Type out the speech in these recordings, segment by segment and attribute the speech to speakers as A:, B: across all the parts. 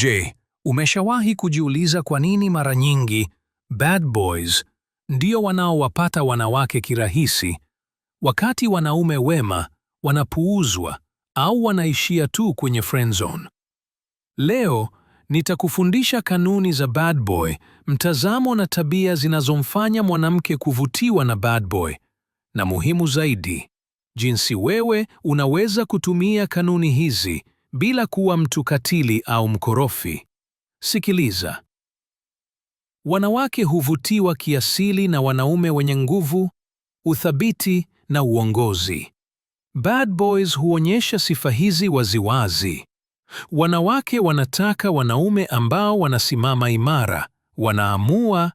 A: Je, umeshawahi kujiuliza kwa nini mara nyingi bad boys ndio wanaowapata wanawake kirahisi, wakati wanaume wema wanapuuzwa au wanaishia tu kwenye friend zone? Leo nitakufundisha kanuni za bad boy, mtazamo na tabia zinazomfanya mwanamke kuvutiwa na bad boy, na muhimu zaidi, jinsi wewe unaweza kutumia kanuni hizi bila kuwa mtu katili au mkorofi. Sikiliza. Wanawake huvutiwa kiasili na wanaume wenye nguvu, uthabiti na uongozi. Bad boys huonyesha sifa hizi waziwazi. Wanawake wanataka wanaume ambao wanasimama imara, wanaamua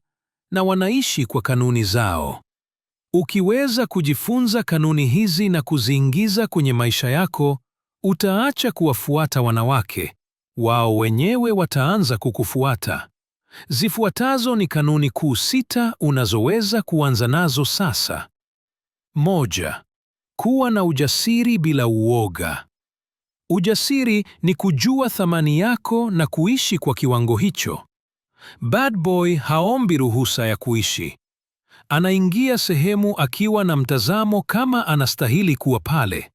A: na wanaishi kwa kanuni zao. Ukiweza kujifunza kanuni hizi na kuziingiza kwenye maisha yako, Utaacha kuwafuata wanawake, wao wenyewe wataanza kukufuata. Zifuatazo ni kanuni kuu sita unazoweza kuanza nazo sasa. Moja, kuwa na ujasiri bila uoga. Ujasiri ni kujua thamani yako na kuishi kwa kiwango hicho. Bad boy haombi ruhusa ya kuishi. Anaingia sehemu akiwa na mtazamo kama anastahili kuwa pale.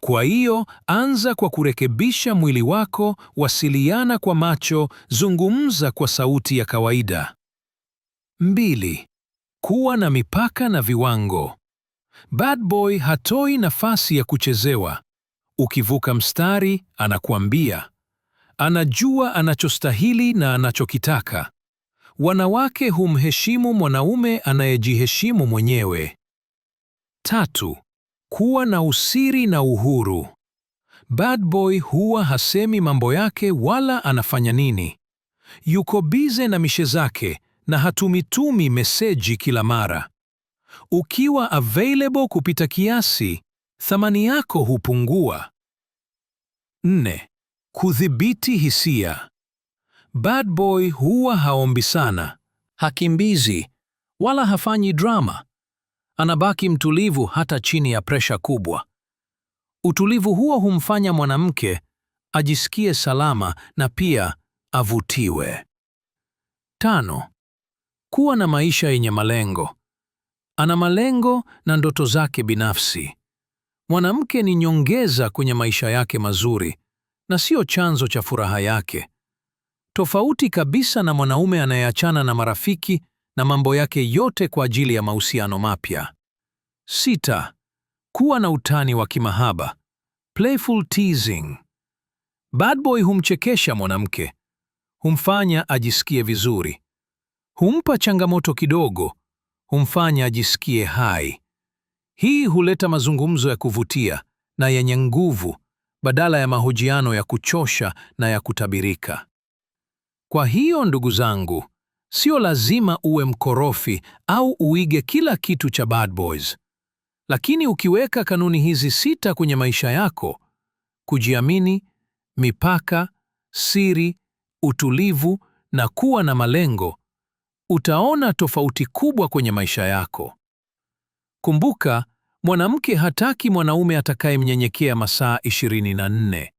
A: Kwa hiyo anza kwa kurekebisha mwili wako, wasiliana kwa macho, zungumza kwa sauti ya kawaida. Mbili, kuwa na mipaka na viwango. Bad boy hatoi nafasi ya kuchezewa. Ukivuka mstari, anakuambia. Anajua anachostahili na anachokitaka. Wanawake humheshimu mwanaume anayejiheshimu mwenyewe. Tatu, kuwa na usiri na uhuru. Bad boy huwa hasemi mambo yake wala anafanya nini. Yuko bize na mishe zake na hatumitumi meseji kila mara. Ukiwa available kupita kiasi, thamani yako hupungua. Nne, kudhibiti hisia. Bad boy huwa haombi sana, hakimbizi wala hafanyi drama anabaki mtulivu hata chini ya presha kubwa. Utulivu huo humfanya mwanamke ajisikie salama na pia avutiwe. Tano, kuwa na maisha yenye malengo. Ana malengo na ndoto zake binafsi. Mwanamke ni nyongeza kwenye maisha yake mazuri na sio chanzo cha furaha yake, tofauti kabisa na mwanaume anayeachana na marafiki na mambo yake yote kwa ajili ya mahusiano mapya. Sita, kuwa na utani wa kimahaba playful teasing. Bad boy humchekesha mwanamke, humfanya ajisikie vizuri, humpa changamoto kidogo, humfanya ajisikie hai. Hii huleta mazungumzo ya kuvutia na yenye nguvu badala ya mahojiano ya kuchosha na ya kutabirika. Kwa hiyo ndugu zangu, Sio lazima uwe mkorofi au uige kila kitu cha Bad Boys, lakini ukiweka kanuni hizi sita kwenye maisha yako: kujiamini, mipaka, siri, utulivu na kuwa na malengo, utaona tofauti kubwa kwenye maisha yako. Kumbuka, mwanamke hataki mwanaume atakayemnyenyekea masaa 24.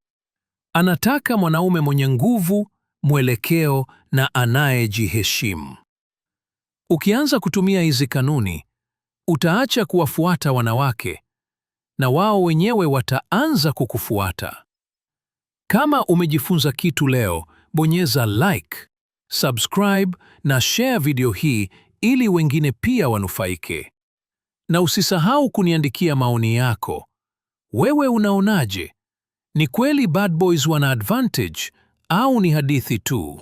A: Anataka mwanaume mwenye nguvu mwelekeo na anayejiheshimu. Ukianza kutumia hizi kanuni, utaacha kuwafuata wanawake na wao wenyewe wataanza kukufuata. Kama umejifunza kitu leo, bonyeza like, subscribe na share video hii ili wengine pia wanufaike. Na usisahau kuniandikia maoni yako. Wewe unaonaje? Ni kweli bad boys wana advantage au ni hadithi tu?